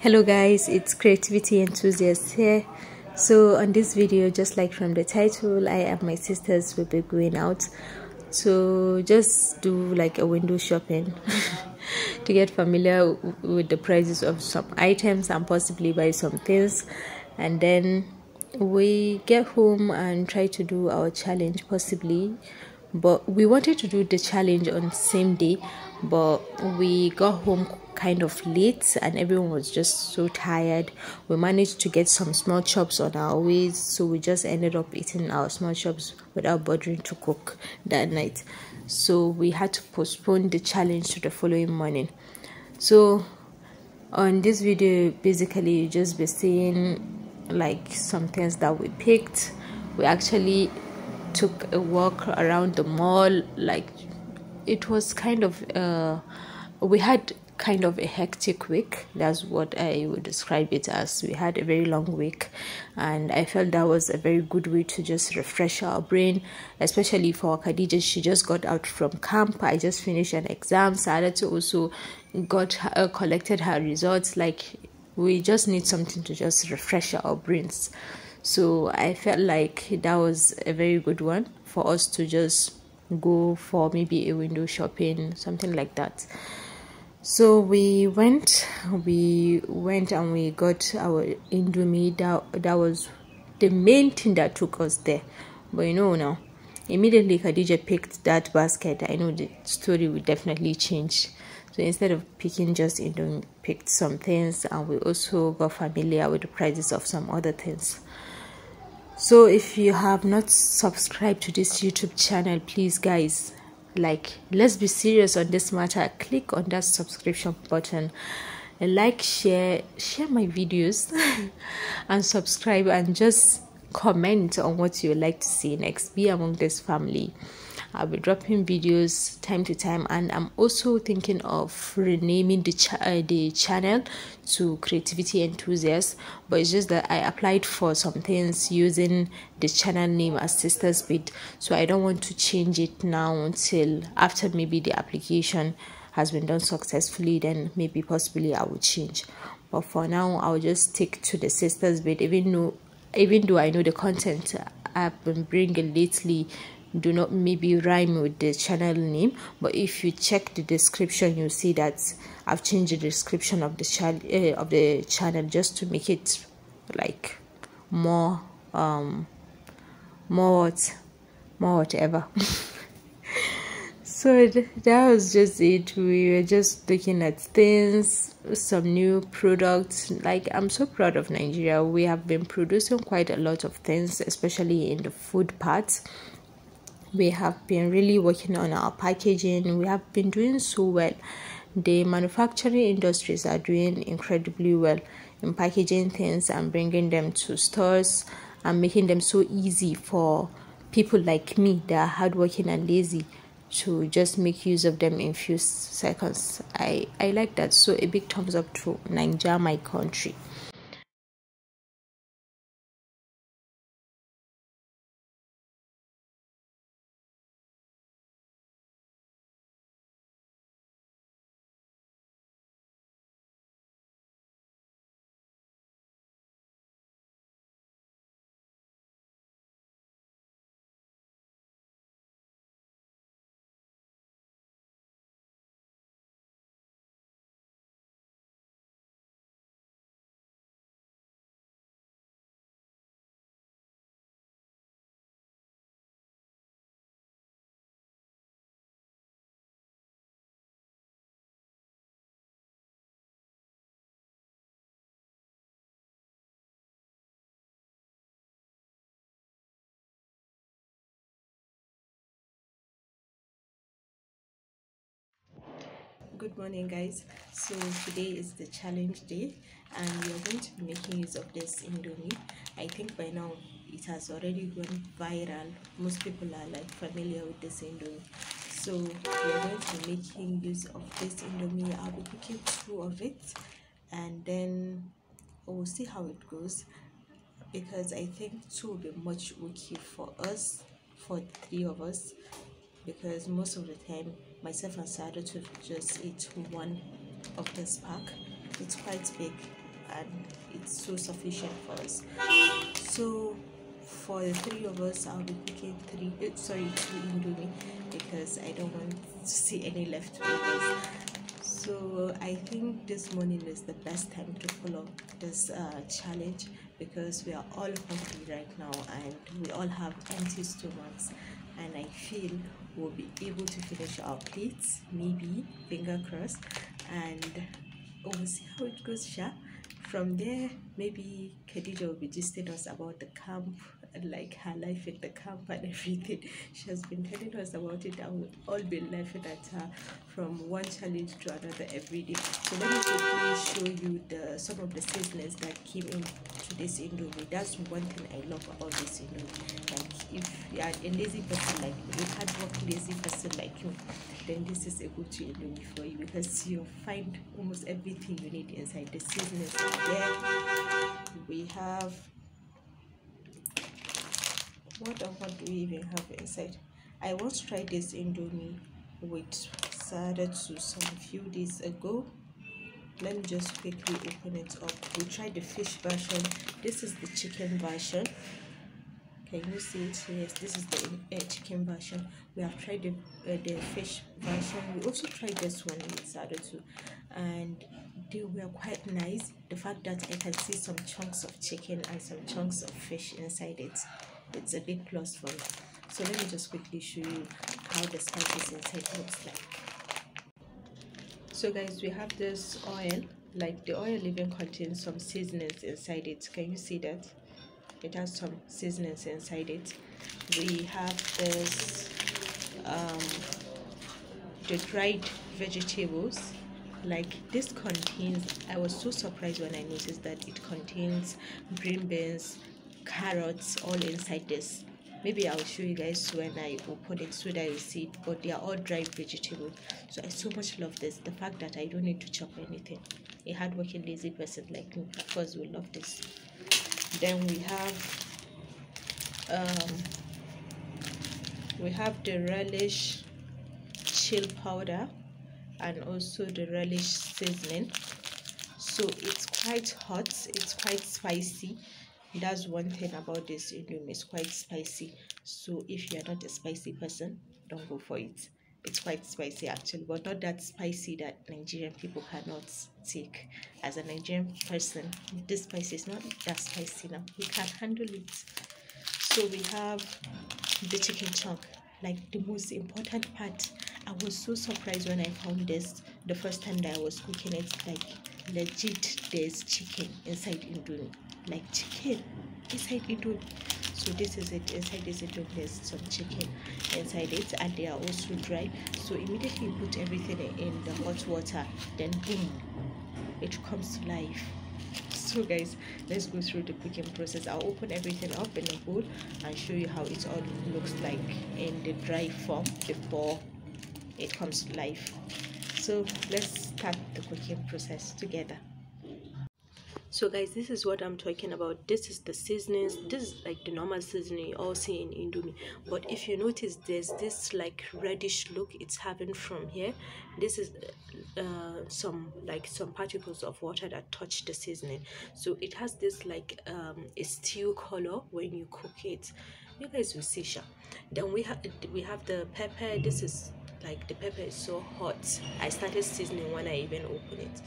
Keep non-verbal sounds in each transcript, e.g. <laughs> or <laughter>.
hello guys it's creativity enthusiast here so on this video just like from the title i and my sisters will be going out to just do like a window shopping <laughs> to get familiar with the prices of some items and possibly buy some things and then we get home and try to do our challenge possibly but we wanted to do the challenge on same day but we got home kind of late and everyone was just so tired we managed to get some small chops on our way so we just ended up eating our small chops without bothering to cook that night so we had to postpone the challenge to the following morning so on this video basically you just be seeing like some things that we picked we actually took a walk around the mall like it was kind of uh, we had kind of a hectic week. That's what I would describe it as. We had a very long week, and I felt that was a very good way to just refresh our brain, especially for Khadija. She just got out from camp. I just finished an exam. Saratu also got uh, collected her results. Like we just need something to just refresh our brains. So I felt like that was a very good one for us to just go for maybe a window shopping something like that so we went we went and we got our indomie that, that was the main thing that took us there but you know now immediately khadija picked that basket i know the story would definitely change so instead of picking just indomie picked some things and we also got familiar with the prices of some other things so if you have not subscribed to this youtube channel please guys like let's be serious on this matter click on that subscription button like share share my videos <laughs> and subscribe and just comment on what you would like to see next be among this family I'll be dropping videos time to time, and I'm also thinking of renaming the ch uh, the channel to Creativity Enthusiasts. But it's just that I applied for some things using the channel name as Sisters Bit, so I don't want to change it now until after maybe the application has been done successfully then maybe possibly i will change but for now i'll just stick to the sisters bit even though even though i know the content i've been bringing lately do not maybe rhyme with the channel name but if you check the description you see that i've changed the description of the channel uh, eh, of the channel just to make it like more um more what more whatever <laughs> so that was just it we were just looking at things some new products like i'm so proud of nigeria we have been producing quite a lot of things especially in the food parts we have been really working on our packaging we have been doing so well the manufacturing industries are doing incredibly well in packaging things and bringing them to stores and making them so easy for people like me that are hardworking and lazy to just make use of them in few seconds i i like that so a big thumbs up to nigeria my country good morning guys so today is the challenge day and we are going to be making use of this indomie i think by now it has already gone viral most people are like familiar with this indomie so we are going to be making use of this indomie i'll be picking two of it and then we'll see how it goes because i think two will be much okay for us for three of us because most of the time myself and Sado to just eat one of this pack. It's quite big and it's so sufficient for us. So for the three of us, I'll be picking three, eh, sorry, two indomie because I don't want to see any leftovers. So I think this morning is the best time to follow this uh, challenge because we are all hungry right now and we all have empty stomachs and I feel we'll be able to finish our plates maybe finger crossed and we'll see how it goes Sha. from there maybe Khadija will be telling us about the camp like her life at the camp and <laughs> everything. She has been telling us about it and we've all been laughing at her from one challenge to another every day. So let me quickly show you the some of the seasonings that came in to this indomie. That's one thing I love about this indomie. Like if you are a lazy person like me, a hard work lazy person like you, then this is a good indomie for you because you'll find almost everything you need inside the seasonings. There we have what and what do we even have inside i once tried this indomie with to some few days ago let me just quickly open it up we tried the fish version this is the chicken version can you see it yes this is the uh, chicken version we have tried the, uh, the fish version we also tried this one with sada too and they were quite nice the fact that i can see some chunks of chicken and some chunks of fish inside it it's a bit close for you so let me just quickly show you how the spices inside looks like so guys we have this oil like the oil even contains some seasonings inside it can you see that it has some seasonings inside it we have this um, the dried vegetables like this contains i was so surprised when i noticed that it contains green beans carrots all inside this maybe i'll show you guys when i open it so that you see it but they are all dried vegetable so i so much love this the fact that i don't need to chop anything a hard-working lazy person like me of course will love this then we have um we have the relish chill powder and also the relish seasoning so it's quite hot it's quite spicy that's one thing about this indomie it's quite spicy so if you're not a spicy person don't go for it it's quite spicy actually but not that spicy that nigerian people cannot take as a nigerian person this spice is not that spicy now you can handle it so we have the chicken chunk like the most important part i was so surprised when i found this the first time that i was cooking it like legit there's chicken inside indomie like chicken inside indomie so this is it inside this it there's some chicken inside it and they are also dry so immediately put everything in the hot water then boom it comes to life so guys let's go through the cooking process i'll open everything up in a bowl and show you how it all looks like in the dry form before it comes to life so let's start the cooking process together so guys this is what i'm talking about this is the seasonings this is like the normal seasoning you all see in indomie but if you notice there's this like reddish look it's having from here this is uh, some like some particles of water that touch the seasoning so it has this like um, a steel color when you cook it you guys will see sure then we have we have the pepper this is like the pepper is so hot i started seasoning when i even open it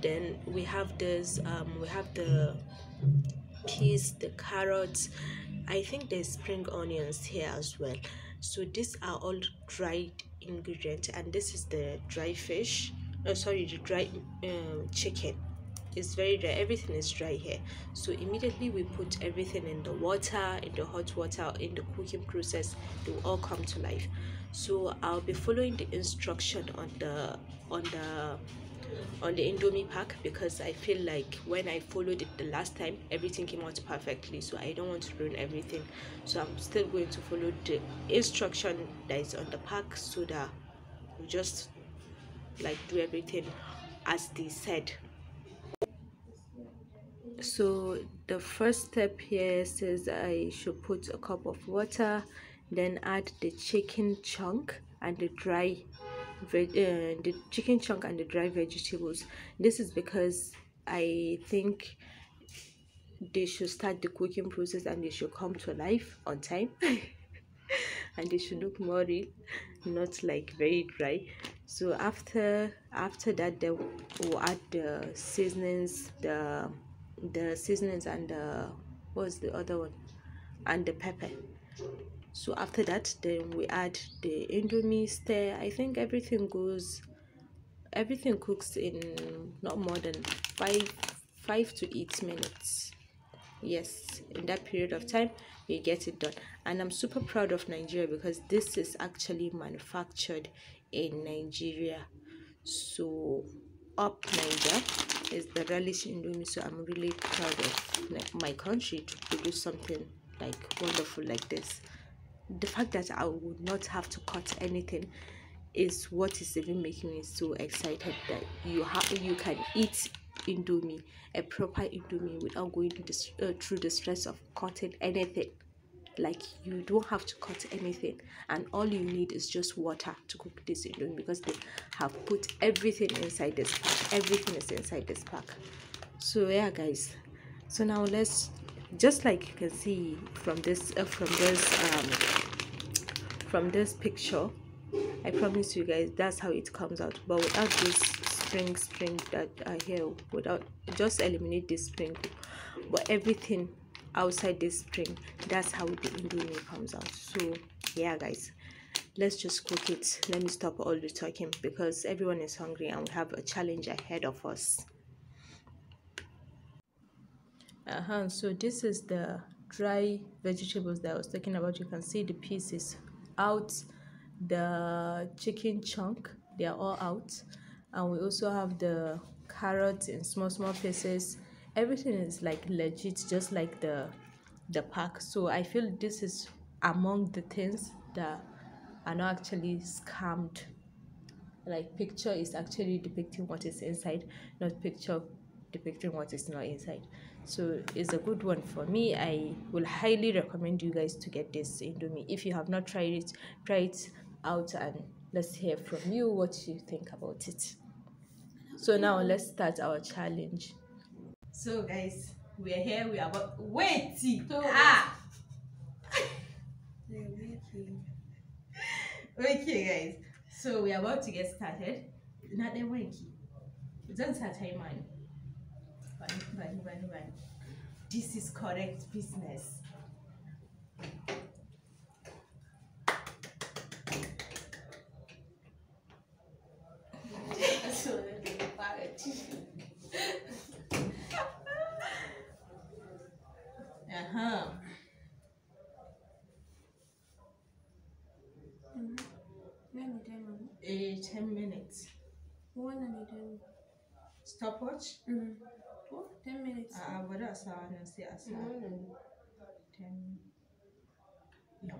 then we have this um we have the peas the carrots i think there's spring onions here as well so these are all dried ingredients and this is the dry fish oh sorry the dry um, chicken it's very dry everything is dry here so immediately we put everything in the water in the hot water in the cooking process they will all come to life so i'll be following the instruction on the on the on the indomie pack because i feel like when i followed it the last time everything came out perfectly so i don't want to ruin everything so i'm still going to follow the instruction that is on the pack so that we just like do everything as they said so the first step here says i should put a cup of water then add the chicken chunk and the dry uh, the chicken chunk and the dry vegetables this is because i think they should start the cooking process and they should come to life on time <laughs> and they should look more real not like very dry so after after that they will add the seasonings the the seasonings and the what's the other one and the pepper so after that then we add the indomie stir i think everything goes everything cooks in not more than five five to eight minutes yes in that period of time we get it done and i'm super proud of nigeria because this is actually manufactured in nigeria so up Nigeria is the relish in so i'm really proud of my country to produce something like wonderful like this the fact that i would not have to cut anything is what is even making me so excited that you have you can eat indomie a proper indomie without going to this uh, through the stress of cutting anything like you don't have to cut anything and all you need is just water to cook this indomie because they have put everything inside this pack everything is inside this pack so yeah guys so now let's just like you can see from this uh, from this um, from this picture i promise you guys that's how it comes out but without this spring spring that are here without just eliminate this spring but everything outside this spring that's how the indomie comes out so yeah guys let's just cook it let me stop all the talking because everyone is hungry and we have a challenge ahead of us uh -huh. so this is the dry vegetables that i was talking about you can see the pieces out the chicken chunk they are all out and we also have the carrots in small small pieces everything is like legit just like the the park so i feel this is among the things that are not actually scammed like picture is actually depicting what is inside not picture depicting what is not inside so it's a good one for me i will highly recommend you guys to get this indomie if you have not tried it try it out and let's hear from you what you think about it so now let's start our challenge so guys we are here, we are about waiting. So, ah. okay, <laughs> guys. So we are about to get started. Not the winky. Don't start time on. This is correct business. 10 minutes. One and I doing? Stopwatch? Mm. Oh, 10 minutes. Ah, what else? I want to say, I 10. No.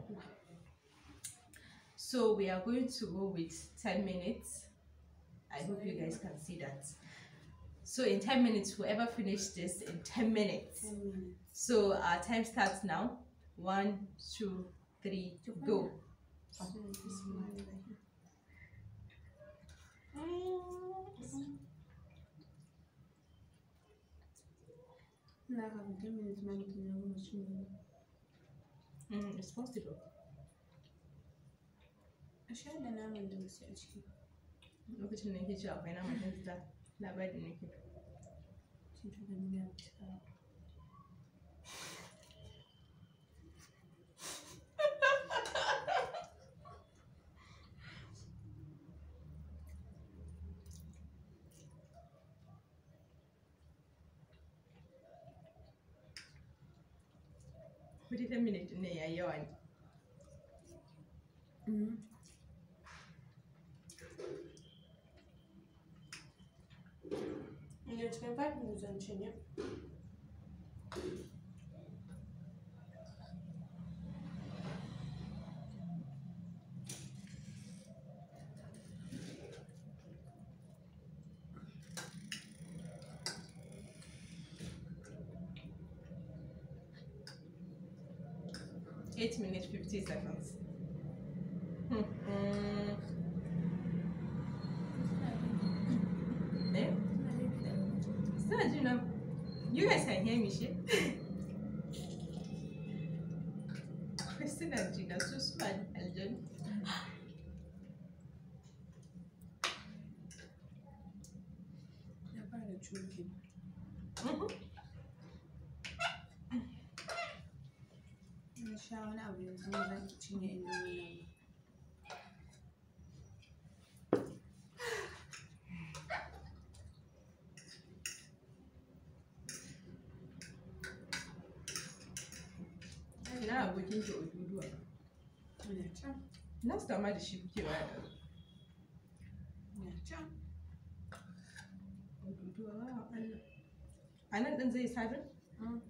So we are going to go with 10 minutes. I hope you guys can see that. So in 10 minutes, whoever finished this in 10 minutes. 10 minutes. So our time starts now. One, two, three, go. Nachher können wir jetzt mal mit den Jungen schmieren. Mm, it's possible. A sha da naman da wasu a Lokacin da nake ci akwai naman da ta labarin nake. Cin Huli mine dunia yon. Mm. Ile czy najbardziej mu zęczenie? guys, you know, you guys can hear me shit. Kristen and Gina, so smart, Elgin. Ne var ya ne Şahane abi, yüzümüzden içine poster ma da shi kuke ba a nan ɗin zai sabin? Mm.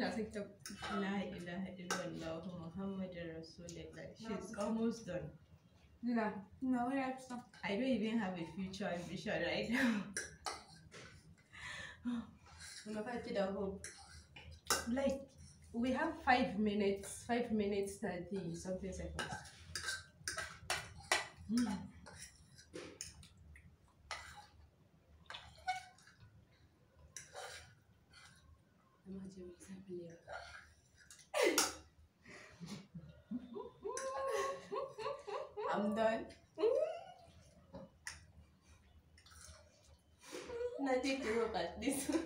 Um, She's almost done. No, no, we have some. I don't even have a future ambition right now. I'm about to the hope. Like, we have five minutes, five minutes, 30 something seconds. Mm. <laughs> I'm done. Now take look at this to.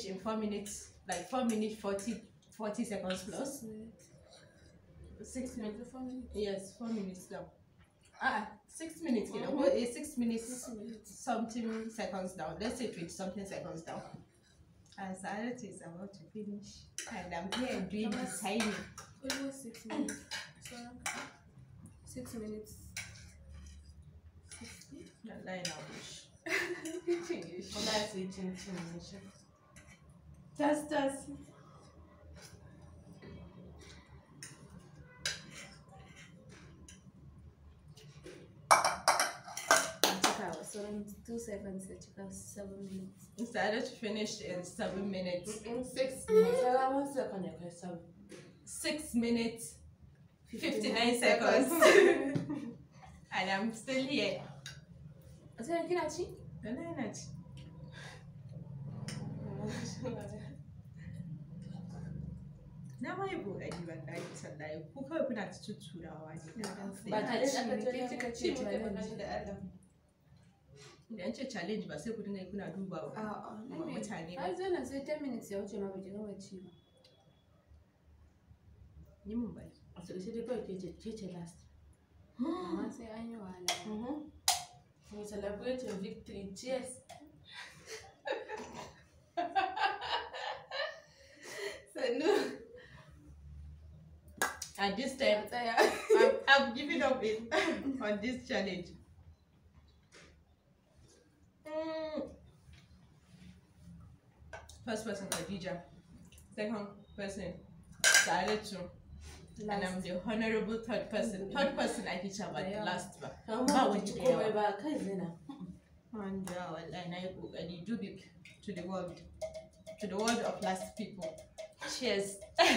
finish in four minutes, like four minutes, 40, 40 seconds plus. Six minutes. Six minutes. Four minutes. Yes, four minutes now. Ah, six minutes, you know, mm -hmm. six minutes, six minutes, something seconds down. Let's say it's something seconds down. And Sarat is about to finish. And I'm here doing the timing. Almost six minutes. So, six minutes. Six <laughs> minutes. Nine hours. Teaching you. Well, that's teaching too Test, test. So in two seconds, it took us seven minutes. Instead of finished in seven minutes. In six minutes. One second, seven. Six minutes, 59 seconds. <laughs> and I'm still here. Is there anything at you? No, no, no. na ma yi ƙoƙari ban ɗaki sallaye ku kawai kuna ta cutturawa ne na ɗan sai ba ta ce ce da Allah ce challenge ba sai ku dinga kuna duba ba a'a mutane ba ai sai 10 minutes ya wuce ma baki gama ci ba yi min bai a tsakashe dai kawai ke ce last amma sai an yi wahala mu mhm. celebrate victory cheers At this time, I'm, I'm <laughs> giving up it on this challenge. Mm. First person, Adija. Second person, Saletu. Last. And I'm the honorable third person. Mm-hmm. Third person, teach about the last one. How wacce komai ba kai zina. And I do yi to the world. To the world of last people. Cheers. <laughs>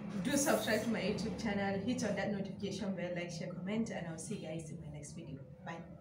do subscribe to my youtube channel hit on that notification bell like share comment and i'll see you guys in my next video bye